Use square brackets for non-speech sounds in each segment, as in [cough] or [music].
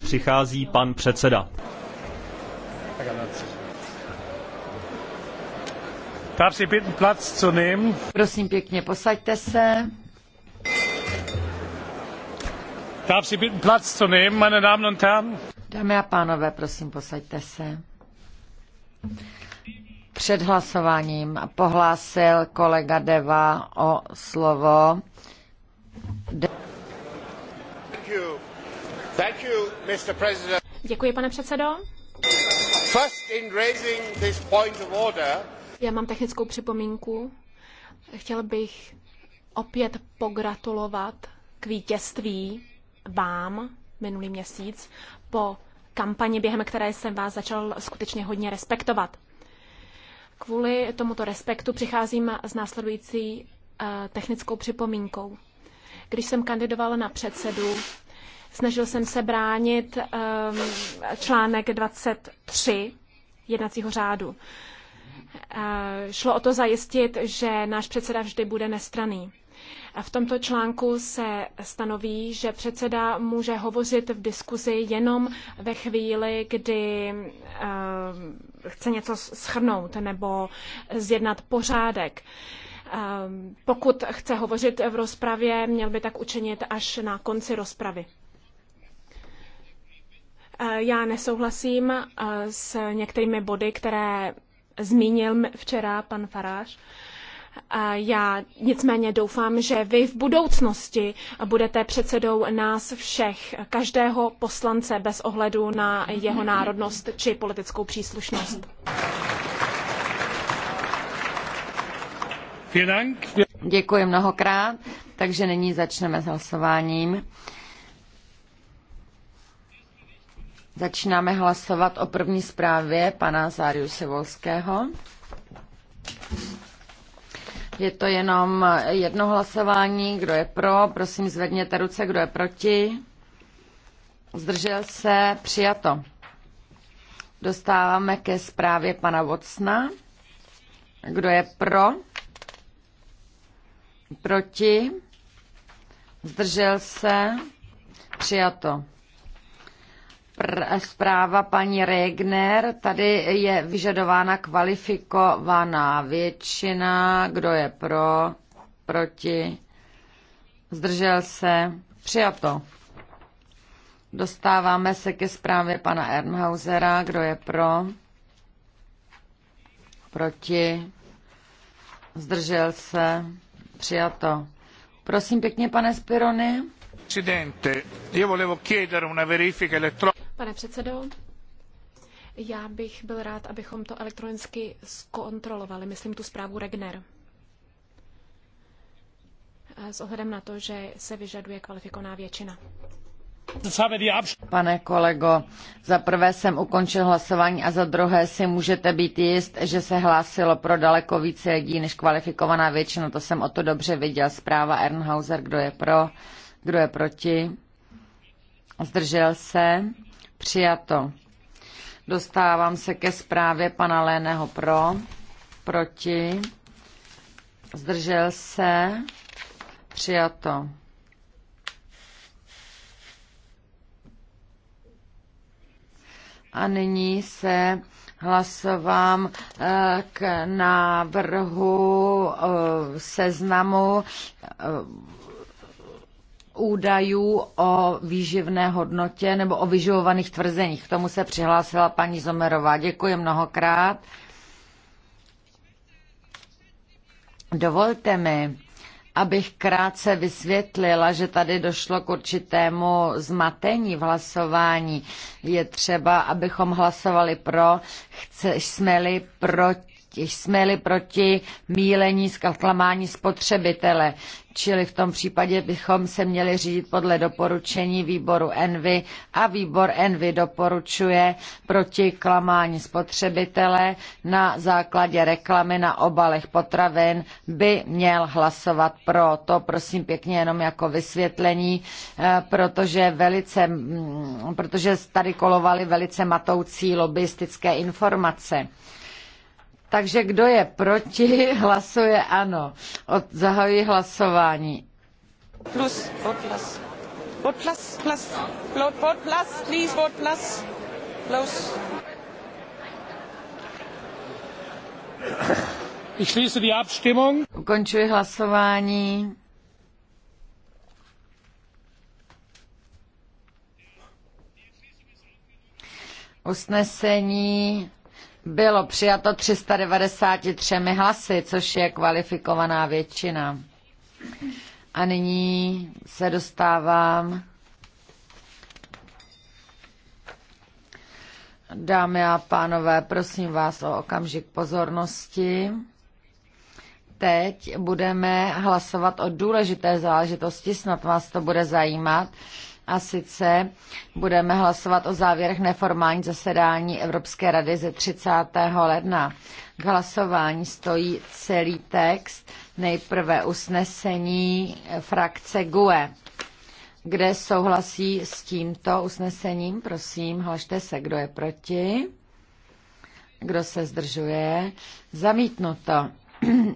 Přichází pan předseda. Prosím pěkně, posaďte se. Dámy a pánové, prosím, posaďte se. Před hlasováním pohlásil kolega Deva o slovo Děkuji, pane předsedo. First in raising this point of order, Já mám technickou připomínku. Chtěl bych opět pogratulovat k vítězství vám minulý měsíc po kampani, během které jsem vás začal skutečně hodně respektovat. Kvůli tomuto respektu přicházím s následující eh, technickou připomínkou. Když jsem kandidoval na předsedu Snažil jsem se bránit ehm, článek 23 jednacího řádu. Eh, šlo o to zajistit, že náš předseda vždy bude nestraný. V tomto článku se stanoví, že předseda může hovořit v diskuzi jenom ve chvíli, kdy ehm, chce něco schrnout nebo zjednat pořádek. Ehm, pokud chce hovořit v rozpravě, měl by tak učinit až na konci rozpravy. Eh, já nesouhlasím eh, s některými body, které zmínil včera pan Farář. Eh, já nicméně doufám, že vy v budoucnosti budete předsedou nás všech, každého poslance bez ohledu na jeho národnost či politickou příslušnost. Děkuji mnohokrát, takže nyní začneme s hlasováním. Začínáme hlasovat o první zprávě pana Záriuse Volského. Je to jenom jedno hlasování. Kdo je pro? Prosím, zvedněte ruce. Kdo je proti? Zdržel se? Přijato. Dostáváme ke zprávě pana Vocna. Kdo je pro? Proti? Zdržel se? Přijato zpráva paní Regner. Tady je vyžadována kvalifikovaná většina. Kdo je pro? Proti? Zdržel se? Přijato. Dostáváme se ke zprávě pana Ernhausera. Kdo je pro? Proti? Zdržel se? Přijato. Prosím pěkně, pane Spirony. Presidente, io volevo chiedere una verifica elettronica. Pane předsedo, já bych byl rád, abychom to elektronicky zkontrolovali, myslím tu zprávu Regner. Eh, s ohledem na to, že se vyžaduje kvalifikovaná většina. Pane kolego, za prvé jsem ukončil hlasování a za druhé si můžete být jist, že se hlásilo pro daleko více lidí než kvalifikovaná většina. To jsem o to dobře viděl. Zpráva Ernhauser, kdo je pro, kdo je proti. Zdržel se. Přijato. Dostávám se ke zprávě pana Léného pro, proti, zdržel se, přijato. A nyní se hlasovám eh, k návrhu eh, seznamu eh, údajů o výživné hodnotě nebo o vyživovaných tvrzeních. K tomu se přihlásila paní Zomerová. Děkuji mnohokrát. Dovolte mi, abych krátce vysvětlila, že tady došlo k určitému zmatení v hlasování. Je třeba, abychom hlasovali pro, chce, jsme-li proti jsme-li proti mílení, zklamání spotřebitele. Čili v tom případě bychom se měli řídit podle doporučení výboru Envy a výbor Envy doporučuje proti klamání spotřebitele na základě reklamy na obalech potravin by měl hlasovat pro. To prosím pěkně jenom jako vysvětlení, eh, protože, velice, mm, protože tady kolovaly velice matoucí lobbystické informace. Takže kdo je proti, [laughs] hlasuje ano. Od, zahajuji hlasování. Plus, plus, plus. plus, plus, plus. plus, please, vote plus. Plus. Ich schließe die Abstimmung. Ukončuji hlasování. Usnesení bylo přijato 393 hlasy, což je kvalifikovaná většina. A nyní se dostávám, dámy a pánové, prosím vás o okamžik pozornosti. Teď budeme hlasovat o důležité záležitosti, snad vás to bude zajímat. A sice budeme hlasovat o závěrech neformální zasedání Evropské rady ze 30. ledna. K hlasování stojí celý text, nejprve usnesení frakce GUE. Kde souhlasí s tímto usnesením? Prosím, hlašte se, kdo je proti. Kdo se zdržuje? Zamítnuto.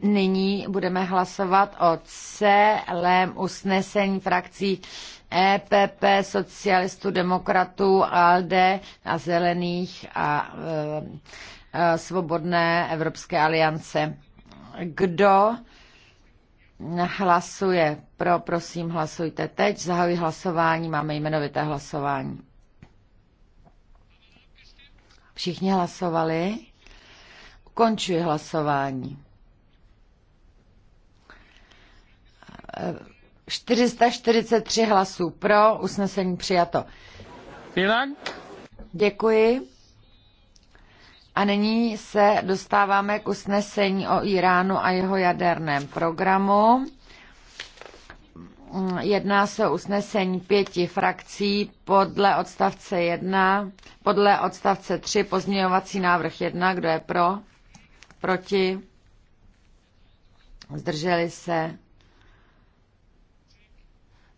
Nyní budeme hlasovat o celém usnesení frakcí EPP, socialistů, demokratů, ALDE a zelených a e, e, svobodné Evropské aliance. Kdo hlasuje pro, prosím, hlasujte teď. Zahajuji hlasování, máme jmenovité hlasování. Všichni hlasovali. Ukončuji hlasování. E, 443 hlasů pro, usnesení přijato. Jinak? Děkuji. A nyní se dostáváme k usnesení o Iránu a jeho jaderném programu. Jedná se o usnesení pěti frakcí podle odstavce 1, podle odstavce 3 pozměňovací návrh 1. Kdo je pro? Proti? Zdrželi se?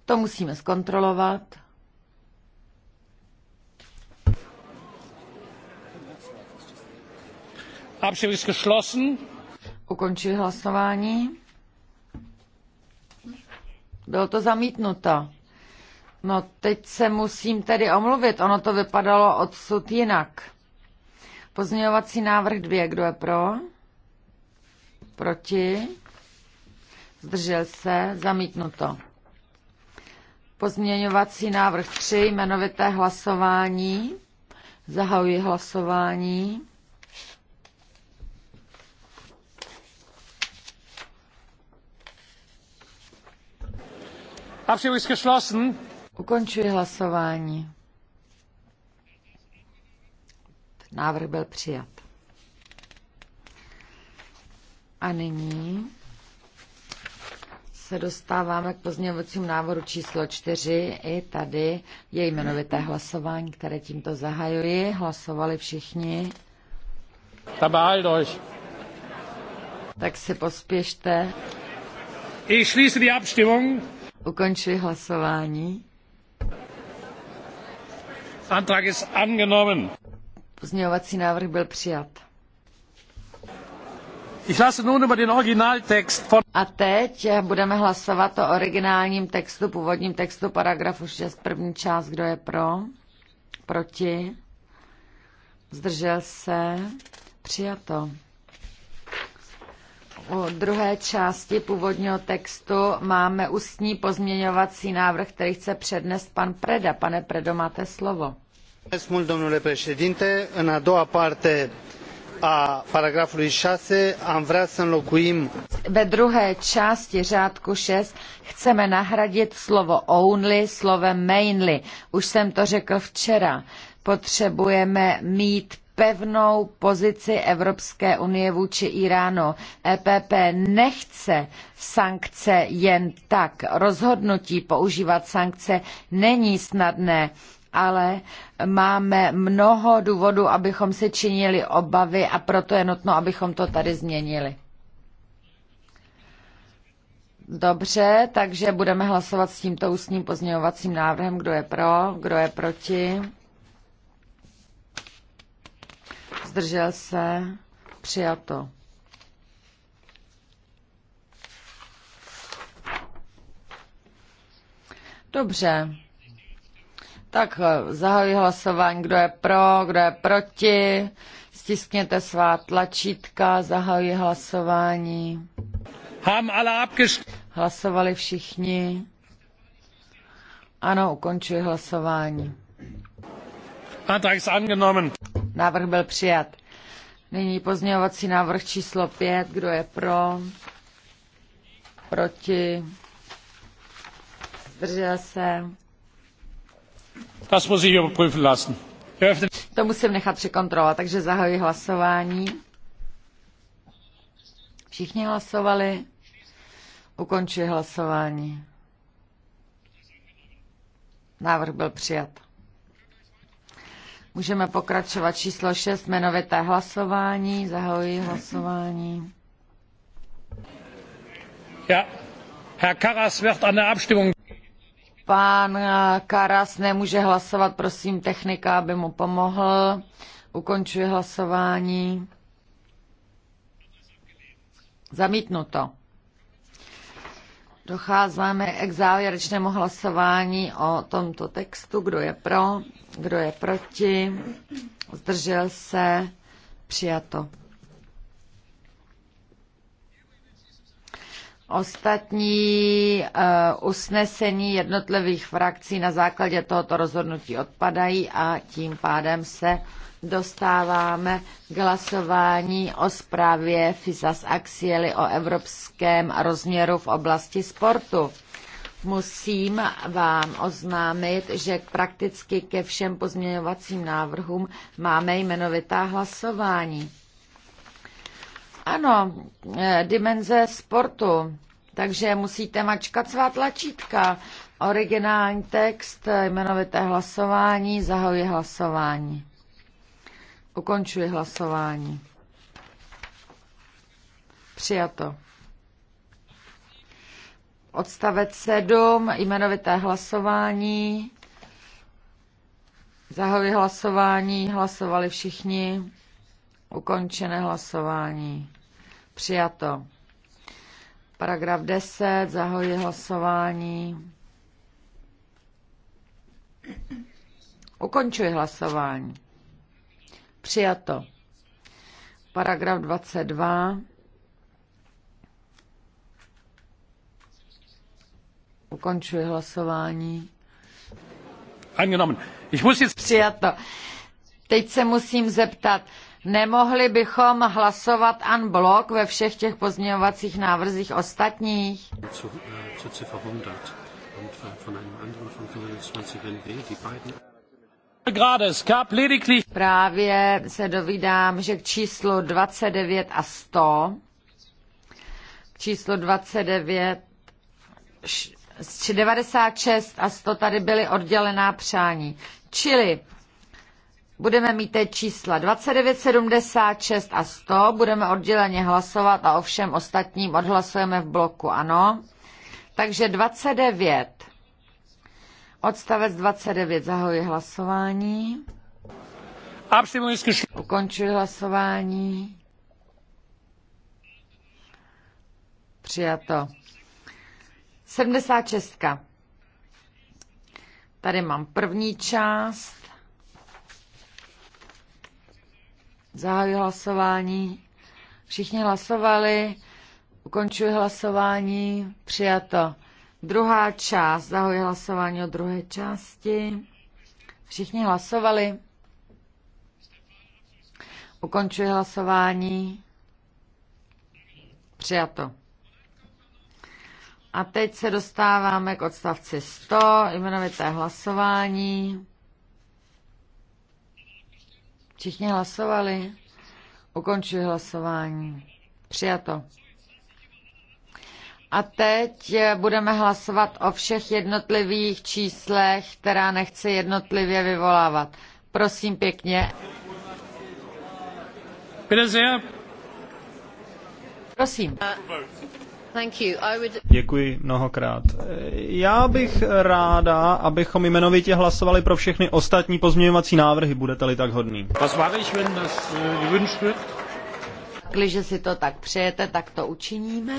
To musíme zkontrolovat. Ukončili hlasování. Bylo to zamítnuto. No teď se musím tedy omluvit, ono to vypadalo odsud jinak. Pozměňovací návrh dvě, kdo je pro? Proti? Zdržel se? Zamítnuto. Pozměňovací návrh 3, jmenovité hlasování. Zahajuji hlasování. Ukončuji hlasování. Návrh byl přijat. A nyní se dostáváme k pozměňovacím návodu číslo 4. I tady je jmenovité hlasování, které tímto zahajuji. Hlasovali všichni. Tak si pospěšte. Ukončuji hlasování. Antrag ist angenommen. Pozměňovací návrh byl přijat. A teď budeme hlasovat o originálním textu, původním textu paragrafu 6, první část, kdo je pro, proti, zdržel se, přijato. U druhé části původního textu máme ústní pozměňovací návrh, který chce přednést pan Preda. Pane Predo, máte slovo. Mulțumesc mult, domnule președinte. În a doua parte a paragrafului 6 am vrea să înlocuim Ve druhé části řádku 6 chceme nahradit slovo only slovem mainly. Už jsem to řekl včera. Potřebujeme mít pevnou pozici Evropské unie vůči Iránu. EPP nechce sankce jen tak. Rozhodnutí používat sankce není snadné ale máme mnoho důvodů, abychom se činili obavy a proto je nutno, abychom to tady změnili. Dobře, takže budeme hlasovat s tímto ústním pozměňovacím návrhem. Kdo je pro, kdo je proti? Zdržel se? Přijato. Dobře, tak eh, zahajuji hlasování, kdo je pro, kdo je proti. Stiskněte svá tlačítka, zahajuji hlasování. Hlasovali všichni. Ano, ukončuji hlasování. Návrh byl přijat. Nyní pozměňovací návrh číslo 5. Kdo je pro? Proti? Zdržel se? Das muss ich überprüfen lassen. To musím nechat překontrolovat, takže zahajuji hlasování. Všichni hlasovali. Ukončuji hlasování. Návrh byl přijat. Můžeme pokračovat číslo 6, jmenovité hlasování. Zahajuji hlasování. Ja. Herr Karas wird an der Abstimmung Pán eh, Karas nemůže hlasovat, prosím technika, aby mu pomohl. Ukončuje hlasování. Zamítnuto. Docházíme k závěrečnému hlasování o tomto textu. Kdo je pro, kdo je proti, zdržel se, přijato. Ostatní uh, usnesení jednotlivých frakcí na základě tohoto rozhodnutí odpadají a tím pádem se dostáváme k hlasování o zprávě FISAS Axieli o evropském rozměru v oblasti sportu. Musím vám oznámit, že prakticky ke všem pozměňovacím návrhům máme jmenovitá hlasování. Ano, eh, dimenze sportu. Takže musíte mačkat svá tlačítka. Originální text, eh, jmenovité hlasování, zahajuji hlasování. Ukončuji hlasování. Přijato. Odstavec 7, jmenovité hlasování. Zahajuji hlasování, hlasovali všichni. Ukončené hlasování. Přijato. Paragraf 10. Zahoji hlasování. Ukončuji hlasování. Přijato. Paragraf 22. Ukončuji hlasování. Angenommen. Ich muss jetzt... Přijato. Teď se musím zeptat. Nemohli bychom hlasovat blok ve všech těch pozměňovacích návrzích ostatních? Äh, Právě se dovídám, že k číslu 29 a 100, k číslu 29, 96 a 100 tady byly oddělená přání. Čili Budeme mít teď čísla 29, 76 a 100. Budeme odděleně hlasovat a o všem ostatním odhlasujeme v bloku, ano. Takže 29. Odstavec 29. Zahoji hlasování. Ukončuji hlasování. Přijato. 76. Tady mám první část. Zahajuji hlasování. Všichni hlasovali. Ukončuji hlasování. Přijato. Druhá část. Zahajuji hlasování o druhé části. Všichni hlasovali. Ukončuji hlasování. Přijato. A teď se dostáváme k odstavci 100, jmenovité hlasování. Všichni hlasovali. Ukončuji hlasování. Přijato. A teď budeme hlasovat o všech jednotlivých číslech, která nechci jednotlivě vyvolávat. Prosím pěkně. Prosím. Uh, Děkuji mnohokrát. Já bych ráda, abychom jmenovitě hlasovali pro všechny ostatní pozměňovací návrhy, budete-li tak hodný. Äh, Když si to tak přejete, tak to učiníme.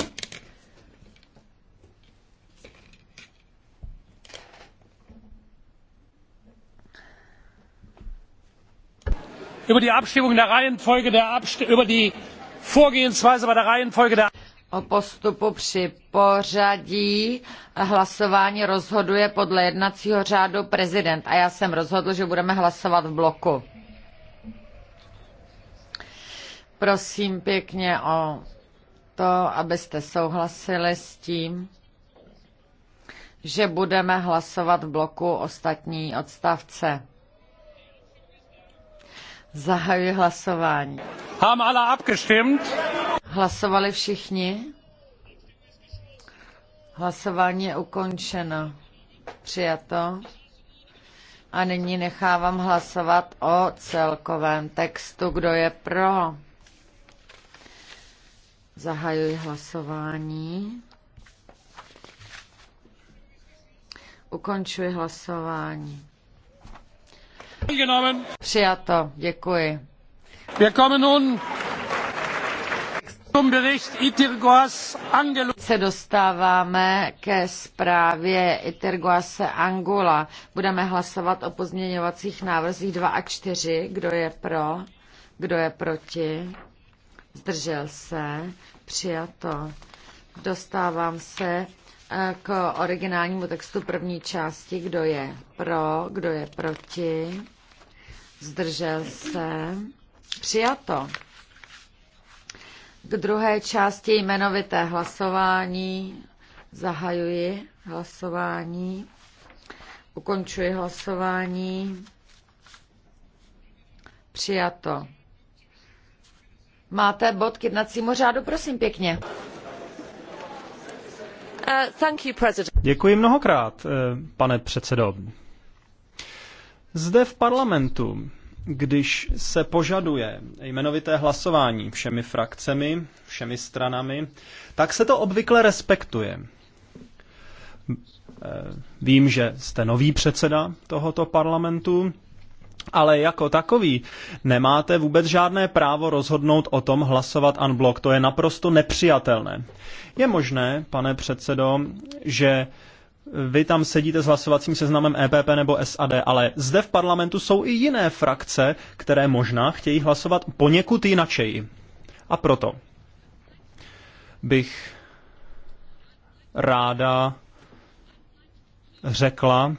Über die Abstimmung der Reihenfolge der Abst über die Vorgehensweise bei der Reihenfolge der o postupu při pořadí hlasování rozhoduje podle jednacího řádu prezident. A já jsem rozhodl, že budeme hlasovat v bloku. Prosím pěkně o to, abyste souhlasili s tím, že budeme hlasovat v bloku ostatní odstavce. Zahajuji hlasování. Haben alle abgestimmt? Hlasovali všichni? Hlasování je ukončeno. Přijato. A nyní nechávám hlasovat o celkovém textu. Kdo je pro? Zahajuji hlasování. Ukončuji hlasování. Přijato, děkuji. Wir kommen nun se dostáváme ke zprávě Itirgoase Angula. Budeme hlasovat o pozměňovacích návrzích 2 a 4. Kdo je pro? Kdo je proti? Zdržel se? Přijato. Dostávám se eh, k originálnímu textu první části. Kdo je pro? Kdo je proti? Zdržel se? Přijato. K druhé části jmenovité hlasování zahajuji hlasování, ukončuji hlasování. Přijato. Máte bod k jednacímu řádu, prosím pěkně. Uh, thank you, president. Děkuji mnohokrát, eh, pane předsedo. Zde v parlamentu když se požaduje jmenovité hlasování všemi frakcemi, všemi stranami, tak se to obvykle respektuje. Eh, vím, že jste nový předseda tohoto parlamentu, ale jako takový nemáte vůbec žádné právo rozhodnout o tom hlasovat unblock. To je naprosto nepřijatelné. Je možné, pane předsedo, že vy tam sedíte s hlasovacím seznamem EPP nebo SAD, ale zde v parlamentu jsou i jiné frakce, které možná chtějí hlasovat poněkud jinačeji. A proto bych ráda řekla,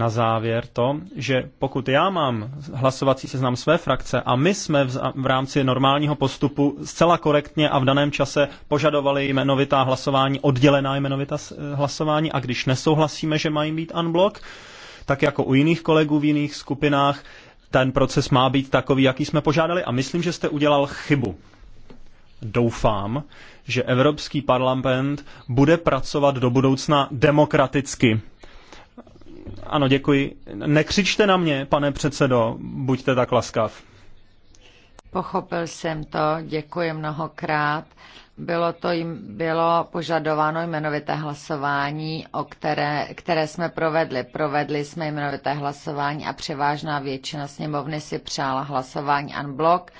na závěr to, že pokud já mám hlasovací seznam své frakce a my jsme v, v rámci normálního postupu zcela korektně a v daném čase požadovali jmenovitá hlasování, oddělená jmenovitá hlasování a když nesouhlasíme, že mají být unblock, tak jako u jiných kolegů v jiných skupinách, ten proces má být takový, jaký jsme požádali a myslím, že jste udělal chybu. Doufám, že Evropský parlament bude pracovat do budoucna demokraticky ano, děkuji. Nekřičte na mě, pane předsedo, buďte tak laskav. Pochopil jsem to, děkuji mnohokrát. Bylo to jim, bylo požadováno jmenovité hlasování, o které, které jsme provedli. Provedli jsme jmenovité hlasování a převážná většina sněmovny si přála hlasování unblock.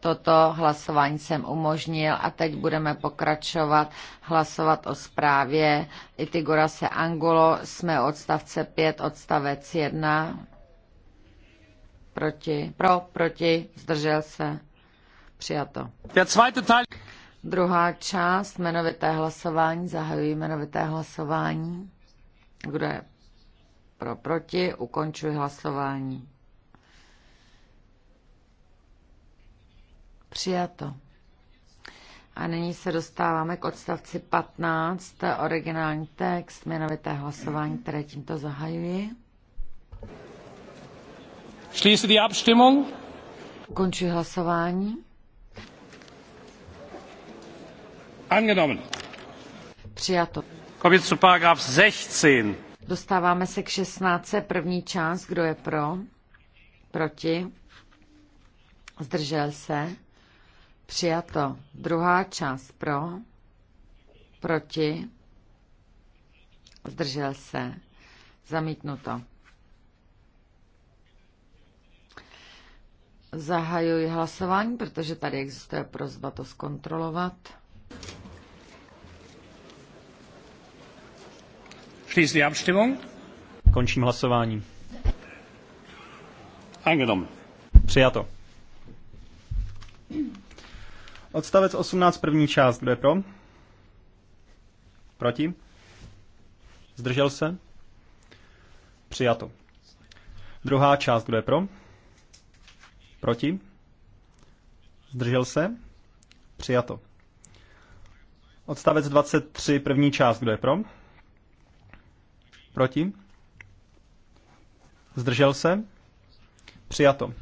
Toto hlasování jsem umožnil a teď budeme pokračovat hlasovat o zprávě Itigora se Angulo. Jsme odstavce 5, odstavec 1. Proti, pro, proti, zdržel se. Přijato. Druhá část, jmenovité hlasování, zahajuji jmenovité hlasování. Kdo je pro, proti, ukončuji hlasování. Přijato. A nyní se dostáváme k odstavci 15, originální text, jmenovité hlasování, které tímto zahajuji. Schließe die Abstimmung. Končí hlasování. Angenommen. Přijato. Kommen wir zu paragraf 16. Dostáváme se k 16. První část. Kdo je pro? Proti? Zdržel se? Přijato. Druhá část pro, proti, zdržel se, zamítnuto. Zahajuji hlasování, protože tady existuje prozba to zkontrolovat. Schließe Abstimmung. Končím hlasování. Angenom. Přijato. Odstavec 18, první část. Kdo je pro? Proti? Zdržel se? Přijato. Druhá část. Kdo je pro? Proti? Zdržel se? Přijato. Odstavec 23, první část. Kdo je pro? Proti? Zdržel se? Přijato.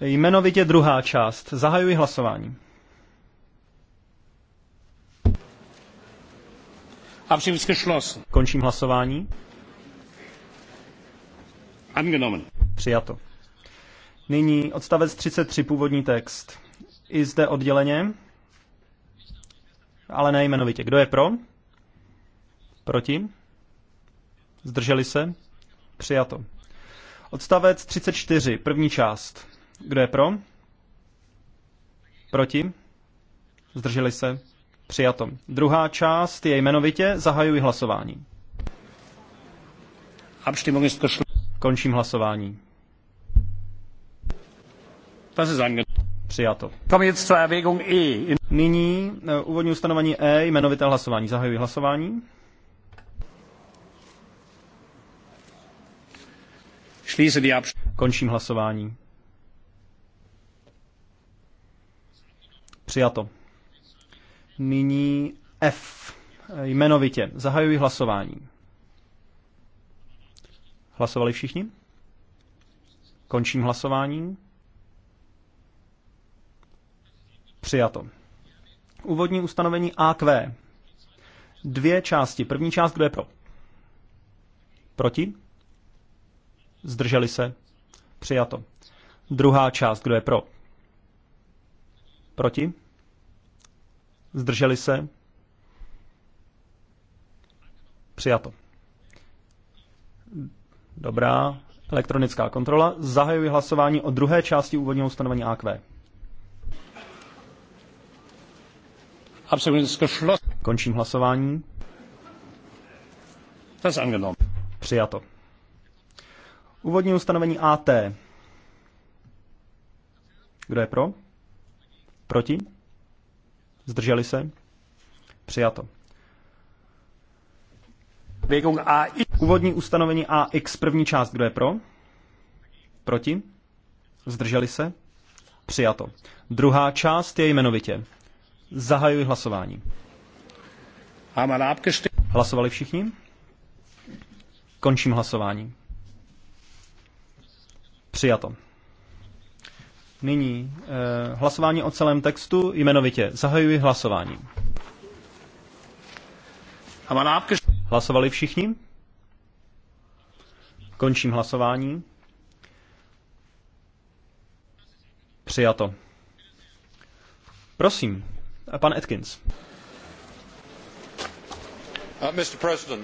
Jmenovitě druhá část. Zahajuji hlasování. Končím hlasování. Angenommen. Přijato. Nyní odstavec 33, původní text. I zde odděleně, ale nejmenovitě. Kdo je pro? Proti? Zdrželi se? Přijato. Odstavec 34, první část. Kdo je pro? Proti? Zdrželi se? Přijato. Druhá část je jmenovitě. Zahajuji hlasování. Končím hlasování. Přijato. E. Nyní e, úvodní ustanovení E, jmenovité hlasování. Zahajuji hlasování. Končím hlasování. Přijato. Nyní F. Jmenovitě. Zahajuji hlasování. Hlasovali všichni? Končím hlasování. Přijato. Úvodní ustanovení AQ. Dvě části. První část, kdo je pro? Proti? Zdrželi se? Přijato. Druhá část, kdo je pro? Proti? Zdrželi se? Přijato. Dobrá. Elektronická kontrola. Zahajuji hlasování o druhé části úvodního ustanovení AQ. Končím hlasování. Přijato. Úvodní ustanovení AT. Kdo je pro? Proti? Zdrželi se? Přijato. Úvodní ustanovení AX první část, kdo je pro? Proti? Zdrželi se? Přijato. Druhá část je jmenovitě. Zahajuji hlasování. Hlasovali všichni? Končím hlasování. Přijato. Nyní eh, hlasování o celém textu, jmenovitě zahajuji hlasování. Hlasovali všichni? Končím hlasování. Přijato. Prosím, eh, pan Atkins. Uh,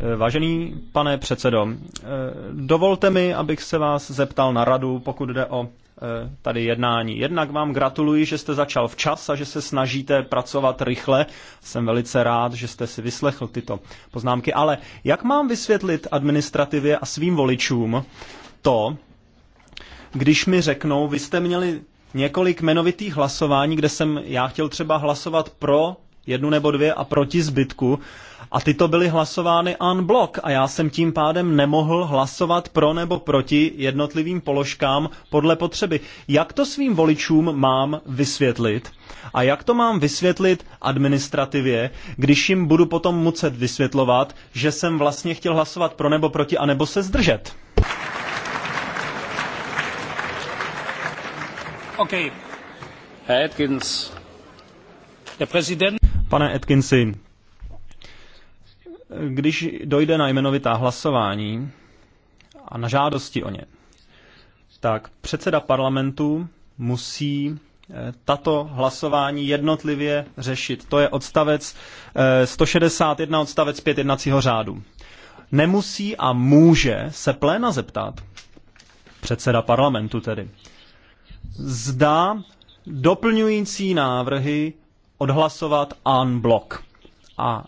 eh, vážený pane předsedo, eh, dovolte mi, abych se vás zeptal na radu, pokud jde o Eh, tady jednání. Jednak vám gratuluji, že jste začal včas a že se snažíte pracovat rychle. Jsem velice rád, že jste si vyslechl tyto poznámky. Ale jak mám vysvětlit administrativě a svým voličům to, když mi řeknou, vy jste měli několik jmenovitých hlasování, kde jsem já chtěl třeba hlasovat pro jednu nebo dvě a proti zbytku. A tyto byly hlasovány en blok a já jsem tím pádem nemohl hlasovat pro nebo proti jednotlivým položkám podle potřeby. Jak to svým voličům mám vysvětlit? A jak to mám vysvětlit administrativě, když jim budu potom muset vysvětlovat, že jsem vlastně chtěl hlasovat pro nebo proti a nebo se zdržet? Okay. Herr Atkins, Pane Atkinsi, když dojde na jmenovitá hlasování a na žádosti o ně, tak předseda parlamentu musí eh, tato hlasování jednotlivě řešit. To je odstavec 161 eh, odstavec 5 jednacího řádu. Nemusí a může se pléna zeptat, předseda parlamentu tedy, zda doplňující návrhy odhlasovat en blok. A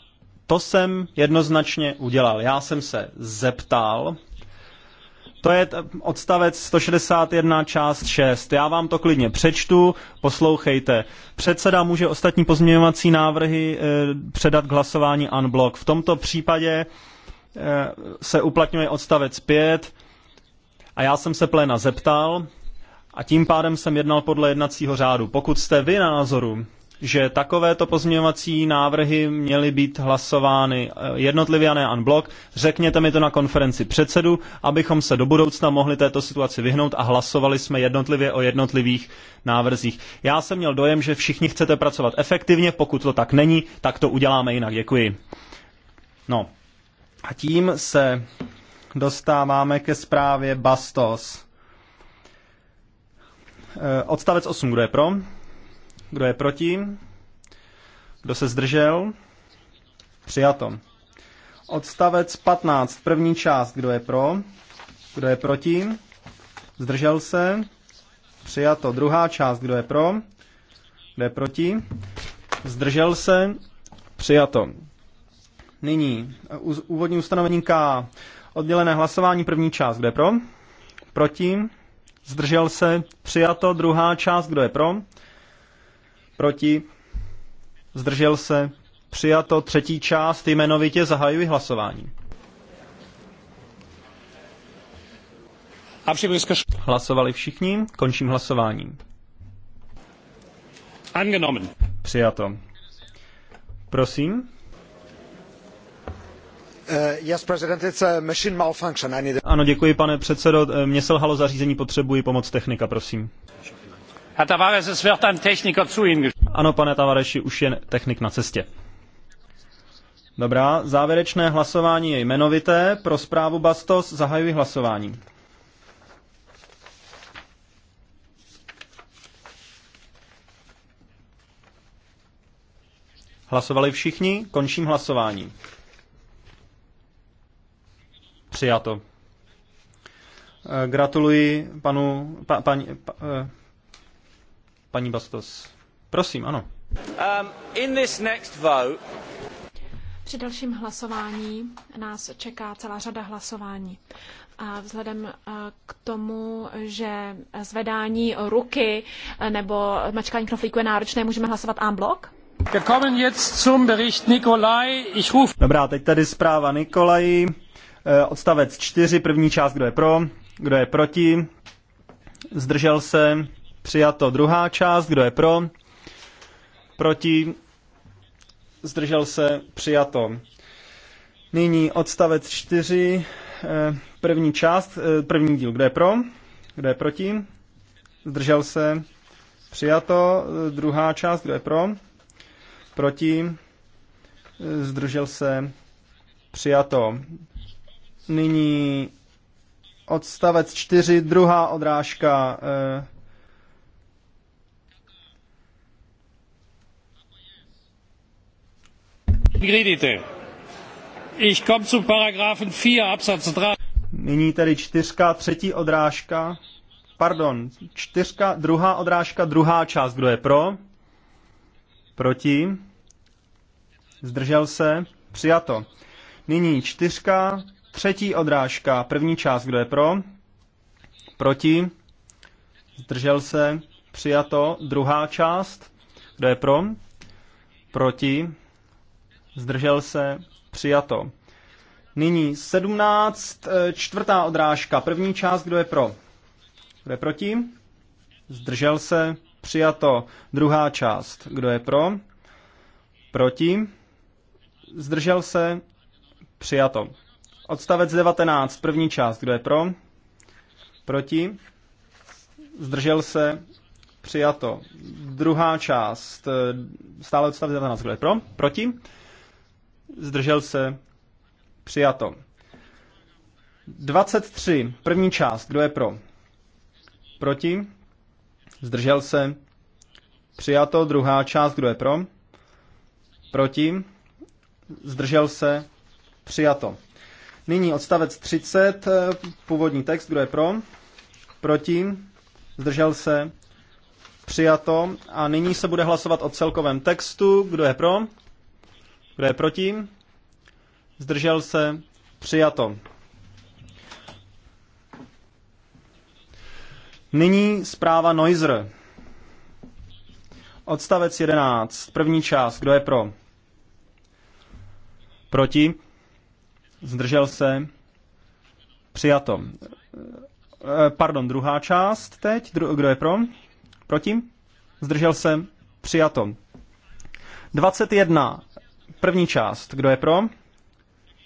to jsem jednoznačně udělal. Já jsem se zeptal, to je odstavec 161 část 6. Já vám to klidně přečtu, poslouchejte. Předseda může ostatní pozměňovací návrhy e, předat k hlasování unblock. V tomto případě e, se uplatňuje odstavec 5 a já jsem se pléna zeptal a tím pádem jsem jednal podle jednacího řádu. Pokud jste vy na názoru, že takovéto pozměňovací návrhy měly být hlasovány eh, jednotlivě a ne unblock. Řekněte mi to na konferenci předsedu, abychom se do budoucna mohli této situaci vyhnout a hlasovali jsme jednotlivě o jednotlivých návrzích. Já jsem měl dojem, že všichni chcete pracovat efektivně, pokud to tak není, tak to uděláme jinak. Děkuji. No a tím se dostáváme ke zprávě Bastos. Eh, odstavec 8, kdo je pro? Kdo je proti? Kdo se zdržel? Přijato. Odstavec 15, první část. Kdo je pro? Kdo je proti? Zdržel se? Přijato. Druhá část. Kdo je pro? Kdo je proti? Zdržel se? Přijato. Nyní úvodní ustanovení K. Oddělené hlasování první část. Kdo je pro? Proti? Zdržel se? Přijato. Druhá část. Kdo je pro? proti, zdržel se, přijato třetí část, jmenovitě zahajuji hlasování. Hlasovali všichni, končím hlasování. Angenommen. Přijato. Prosím. Uh, yes, president, it's a machine malfunction. I need... Ano, děkuji, pane předsedo. Eh, Mně selhalo zařízení, potřebuji pomoc technika, prosím. Herr Tavares, es wird ein Techniker zu Ihnen Ano, pane Tavareši, už je technik na cestě. Dobrá, závěrečné hlasování je jmenovité. Pro zprávu Bastos zahajuji hlasování. Hlasovali všichni? Končím hlasování. Přijato. Eh, gratuluji panu, pa, paní, pa, eh, Paní Bastos, prosím, ano. Um, in this next vote... Při dalším hlasování nás čeká celá řada hlasování. A vzhledem uh, k tomu, že zvedání ruky nebo mačkání knoflíku je náročné, můžeme hlasovat en blok? Dobrá, teď tady zpráva Nikolaj. Eh, odstavec 4, první část, kdo je pro, kdo je proti, zdržel se, Přijato druhá část, kdo je pro? Proti? Zdržel se? Přijato. Nyní odstavec 4, eh, první část, eh, první díl, kdo je pro? Kdo je proti? Zdržel se? Přijato. Eh, druhá část, kdo je pro? Proti? Zdržel se? Přijato. Nyní odstavec 4, druhá odrážka. E, Nyní tedy čtyřka, třetí odrážka. Pardon, čtyřka, druhá odrážka, druhá část. Kdo je pro? Proti? Zdržel se? Přijato. Nyní čtyřka, třetí odrážka, první část. Kdo je pro? Proti? Zdržel se? Přijato. Druhá část. Kdo je pro? Proti? zdržel se, přijato. Nyní 17, eh, čtvrtá odrážka, první část, kdo je pro? Kdo je proti? Zdržel se, přijato. Druhá část, kdo je pro? Proti? Zdržel se, přijato. Odstavec 19, první část, kdo je pro? Proti? Zdržel se, přijato. Druhá část, eh, stále odstavec 19, kdo je pro? Proti? zdržel se, přijato. 23, první část, kdo je pro? Proti, zdržel se, přijato. Druhá část, kdo je pro? Proti, zdržel se, přijato. Nyní odstavec 30, původní text, kdo je pro? Proti, zdržel se, přijato. A nyní se bude hlasovat o celkovém textu, kdo je pro? Kdo je proti? Zdržel se? Přijato. Nyní zpráva Noiser. Odstavec 11. První část. Kdo je pro? Proti? Zdržel se? Přijato. E, pardon, druhá část teď. Kdo je pro? Proti? Zdržel se? Přijato. 21. První část. Kdo je pro?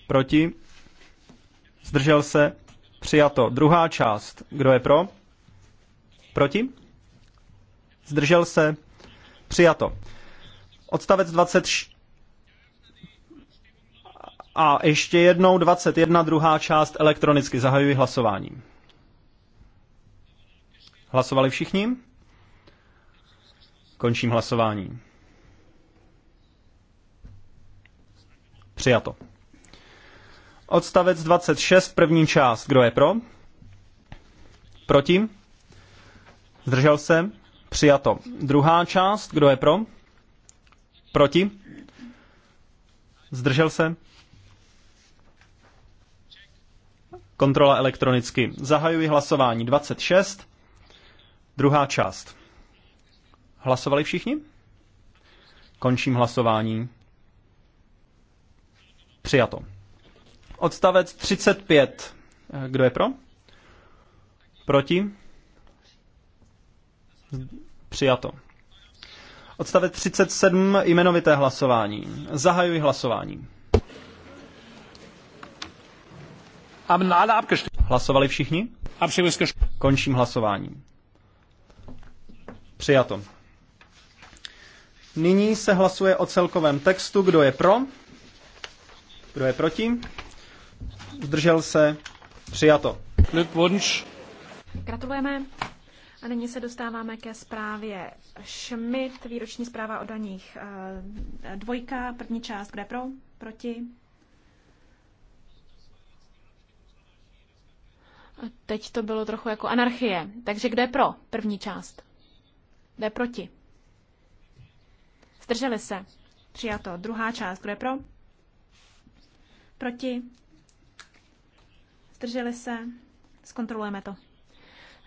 Proti? Zdržel se? Přijato. Druhá část. Kdo je pro? Proti? Zdržel se? Přijato. Odstavec 20. A ještě jednou 21. druhá část elektronicky. Zahajuji hlasování. Hlasovali všichni? Končím hlasování. Přijato. Odstavec 26, první část. Kdo je pro? Proti? Zdržel se? Přijato. Druhá část. Kdo je pro? Proti? Zdržel se? Kontrola elektronicky. Zahajuji hlasování 26. Druhá část. Hlasovali všichni? Končím hlasování. Přijato. Odstavec 35. Kdo je pro? Proti? Přijato. Odstavec 37. Jmenovité hlasování. Zahajuji hlasování. Hlasovali všichni? Končím hlasování. Přijato. Nyní se hlasuje o celkovém textu. Kdo je pro? Kdo je proti? Zdržel se? Přijato. Glückwunsch. Gratulujeme. A nyní se dostáváme ke zprávě Schmidt, výroční zpráva o daních. Eh, dvojka, první část, kde pro, proti. A teď to bylo trochu jako anarchie. Takže kde pro, první část? Kde proti? Zdrželi se. Přijato. Druhá část, kde pro? Proti? Zdrželi se? Zkontrolujeme to.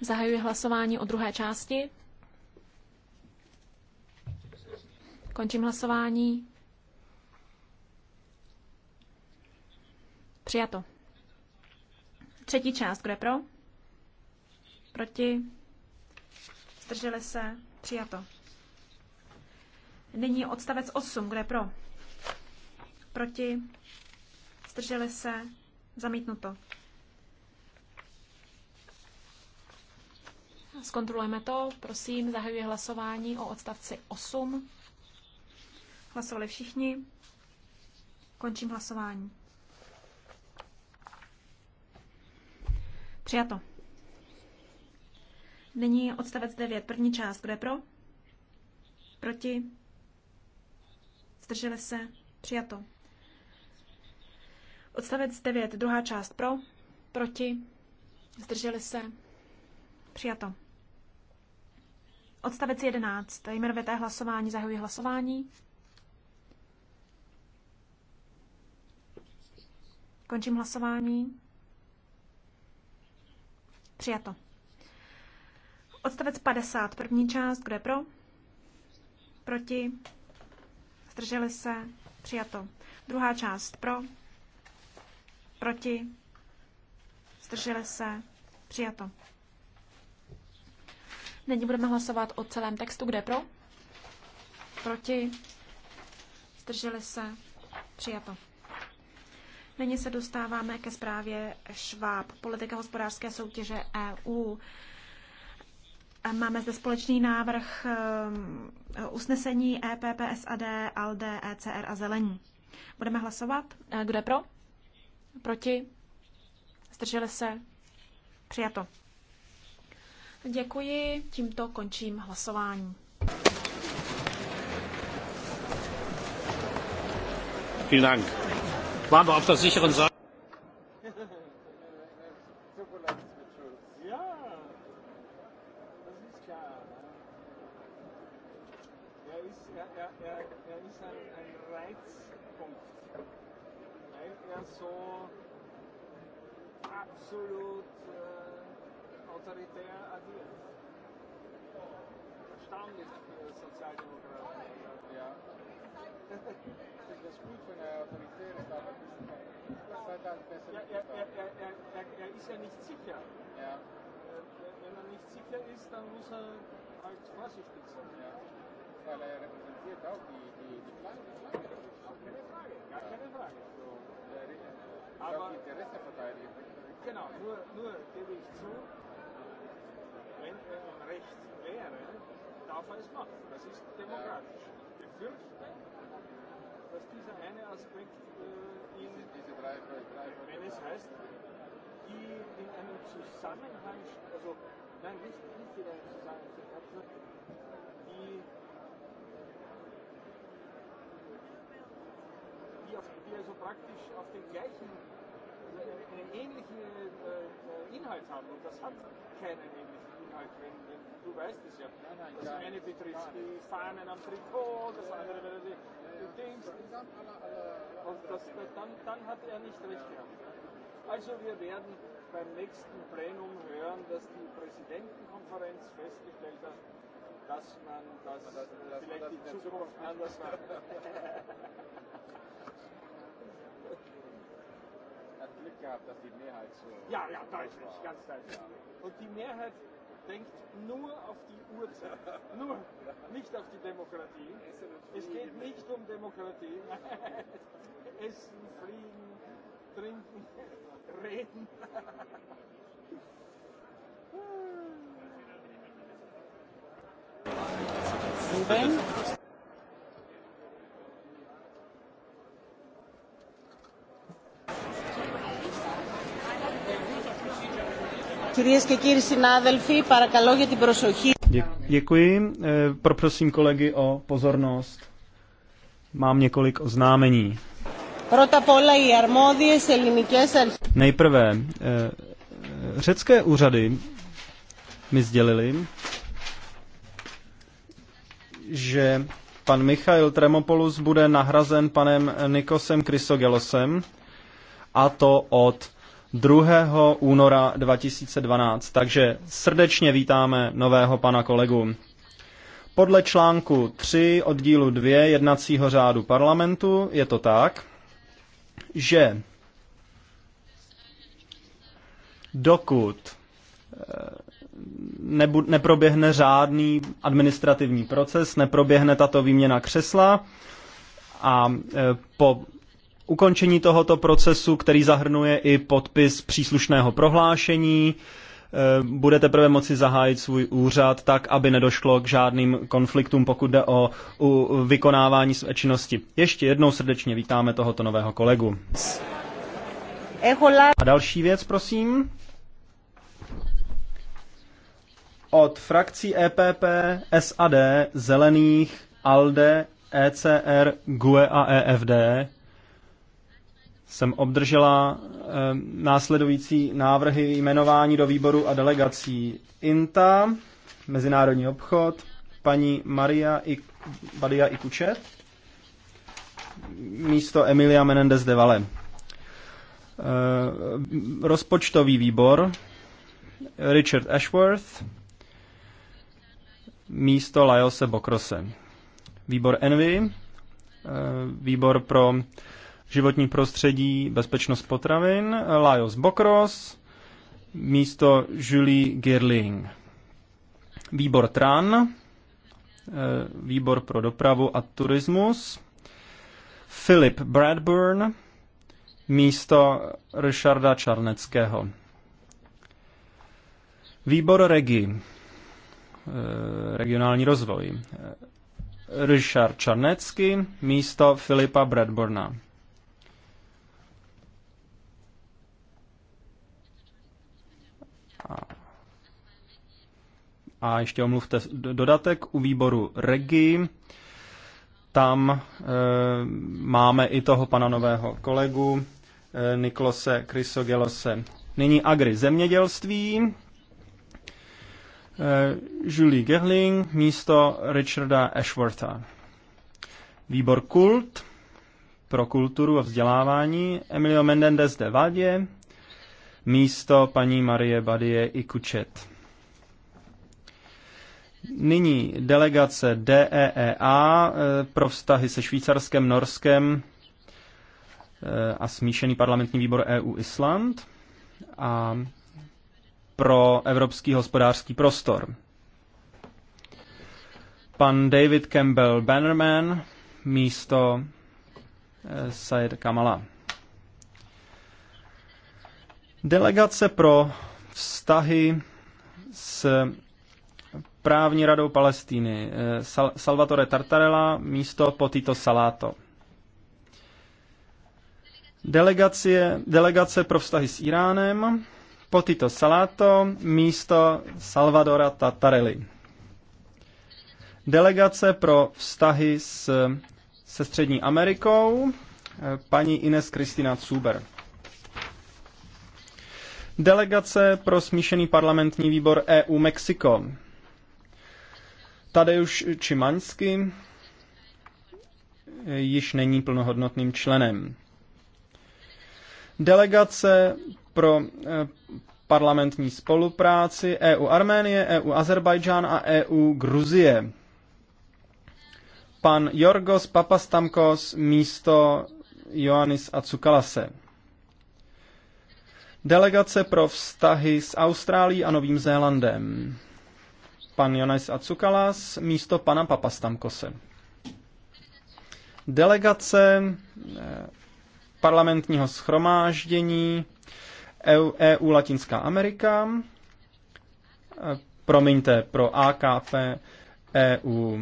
Zahajuji hlasování o druhé části. Končím hlasování. Přijato. Třetí část, kdo je pro? Proti? Zdrželi se? Přijato. Nyní odstavec 8, kdo je pro? Proti? zdrželi se, zamítnuto. Zkontrolujeme to, prosím, zahajuji hlasování o odstavci 8. Hlasovali všichni. Končím hlasování. Přijato. Nyní odstavec 9, první část. Kdo je pro? Proti? Zdrželi se? Přijato. Odstavec 9, druhá část pro, proti, zdrželi se, přijato. Odstavec 11, jmenovité hlasování, zahajuji hlasování. Končím hlasování. Přijato. Odstavec 50, první část, kdo je pro? Proti? Zdrželi se? Přijato. Druhá část pro? Proti? Zdrželi se? Přijato. Nyní budeme hlasovat o celém textu. Kde pro? Proti? Zdrželi se? Přijato. Nyní se dostáváme ke zprávě Šváb, politika hospodářské soutěže EU. Máme zde společný návrh um, usnesení EPPSAD, ALDE, ECR a Zelení. Budeme hlasovat. Kdo je pro? Proti? Zdrželi se? Přijato. Děkuji, tímto končím hlasování. Vielen Dank. Waren wir auf der sicheren Seite? ist dann unser als Vorsitzender. Ja. Weil er repräsentiert auch die, die, die Flagge. Die Flagge. Keine Frage, gar keine Frage. So, der, aber auch Interesse verteidigen. Genau, nur, nur gebe ich zu, wenn er im Recht wäre, darf er es machen. Das ist demokratisch. Ich befürchte, dass dieser eine Aspekt äh, in, diese, diese drei, drei, drei, wenn es heißt, die in einem Zusammenhang, also Nein, nicht, nicht jeder sozusagen Experte, die, die, auf, die also praktisch auf den gleichen, also einen äh, ähnlichen äh, Inhalt haben. Und das hat keinen ähnlichen Inhalt, wenn, wenn du weißt es ja. Nein, nein, das eine betrifft die Fahnen am Trikot, das andere ja, die, die Dings. Und das, dann, dann hat er nicht recht gehabt. Also wir werden beim nächsten Plenum hören, dass die Präsidentenkonferenz festgestellt hat, dass man das, das vielleicht dass man das in Zukunft anders macht. [laughs] hat Glück gehabt, dass die Mehrheit so. Ja, ja, deutlich, war. ganz deutlich. Ja. Und die Mehrheit denkt nur auf die Uhrzeit, [laughs] nur, nicht auf die Demokratie. es geht nicht um Demokratie. [laughs] Essen, Frieden, Trinken. Monaten. Ruben? Κυρίες και κύριοι συνάδελφοι, παρακαλώ για την Děkuji. Eh, poprosím kolegy o pozornost. Mám několik oznámení. Nejprve eh, Nejprve, řecké úřady mi sdělili, že pan Michail Tremopoulos bude nahrazen panem Nikosem Krysogelosem a to od 2. února 2012. Takže srdečně vítáme nového pana kolegu. Podle článku 3 oddílu 2 jednacího řádu parlamentu je to tak, že dokud eh, nebu, neproběhne řádný administrativní proces, neproběhne tato výměna křesla a eh, po ukončení tohoto procesu, který zahrnuje i podpis příslušného prohlášení, Eh, bude teprve moci zahájit svůj úřad tak, aby nedošlo k žádným konfliktům, pokud jde o vykonávání své činnosti. Ještě jednou srdečně vítáme tohoto nového kolegu. A další věc, prosím. Od frakcí EPP, SAD, Zelených, ALDE, ECR, GUE a EFD jsem obdržela eh, následující návrhy jmenování do výboru a delegací INTA, Mezinárodní obchod, paní Maria I, Badia Ikučet, místo Emilia Menendez de Valle. Eh, rozpočtový výbor Richard Ashworth, místo Lajose Bokrose. Výbor Envy, eh, výbor pro životní prostředí, bezpečnost potravin, Lajos Bokros, místo Julie Girling. Výbor TRAN, eh, výbor pro dopravu a turismus, Philip Bradburn, místo Richarda Čarneckého. Výbor Regi, eh, regionální rozvoj, eh, Richard Čarnecký, místo Filipa Bradburna. A ještě omluvte dodatek u výboru Regi. Tam e, máme i toho pana nového kolegu e, Niklose Krysogelose. Nyní Agri zemědělství. Eh, Julie Gehling místo Richarda Ashwortha. Výbor Kult pro kulturu a vzdělávání Emilio Mendendez de Vadě místo paní Marie Badie i Kučet. Nyní delegace DEEA eh, pro vztahy se Švýcarskem, Norskem eh, a smíšený parlamentní výbor EU Island a pro Evropský hospodářský prostor. Pan David Campbell Bannerman místo eh, Said Kamala. Delegace pro vztahy s právní radou Palestíny eh, Sal- Salvatore Tartarella místo Potito Salato. Delegace, delegace pro vztahy s Iránem Potito Salato místo Salvadora Tartarelli. Delegace pro vztahy s, se Střední Amerikou eh, paní Ines Kristina Zuber. Delegace pro smíšený parlamentní výbor EU Mexiko Tadeusz Čimaňský již není plnohodnotným členem. Delegace pro eh, parlamentní spolupráci EU Arménie, EU Azerbajdžán a EU Gruzie. Pan Jorgos Papastamkos místo Ioannis Atsukalase. Delegace pro vztahy s Austrálií a Novým Zélandem pan Jonas Acukalas místo pana Papastamkose. Delegace eh, parlamentního schromáždění EU, e Latinská Amerika, eh, promiňte, pro AKP EU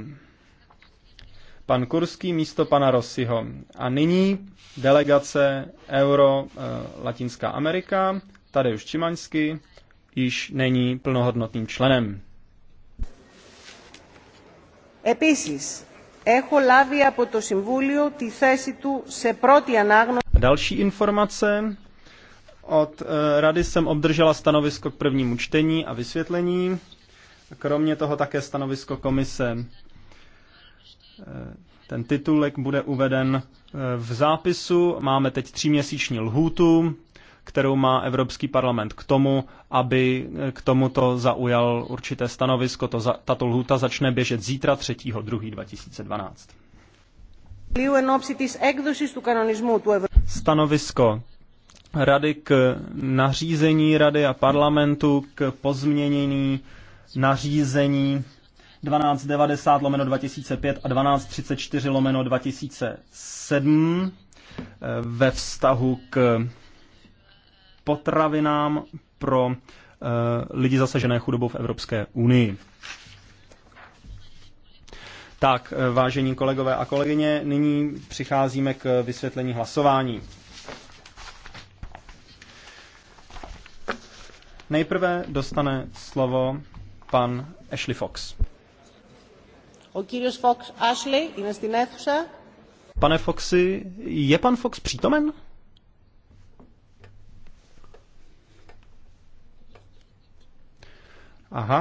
pan Kurský místo pana Rossiho. A nyní delegace Euro eh, Latinská Amerika, tady už Čimaňsky, již není plnohodnotným členem. Επίσης, έχω λάβει από το Συμβούλιο τη θέση του σε πρώτη ανάγνωση. Další informace. Od eh, Rady jsem obdržela stanovisko k prvnímu čtení a vysvětlení. Kromě toho také stanovisko komise. Eh, ten titulek bude uveden eh, v zápisu. Máme teď tříměsíční lhůtu kterou má Evropský parlament k tomu, aby eh, k tomuto zaujal určité stanovisko. To za, tato lhuta začne běžet zítra 3.2.2012. Stanovisko Rady k nařízení Rady a parlamentu k pozměnění nařízení 1290 lomeno 2005 a 1234 lomeno 2007 eh, ve vztahu k potravinám pro eh, lidi zasažené chudobou v Evropské unii. Tak, eh, vážení kolegové a kolegyně, nyní přicházíme k vysvětlení hlasování. Nejprve dostane slovo pan Ashley Fox. O Fox Ashley, Pane Foxy, je pan Fox přítomen? Aha,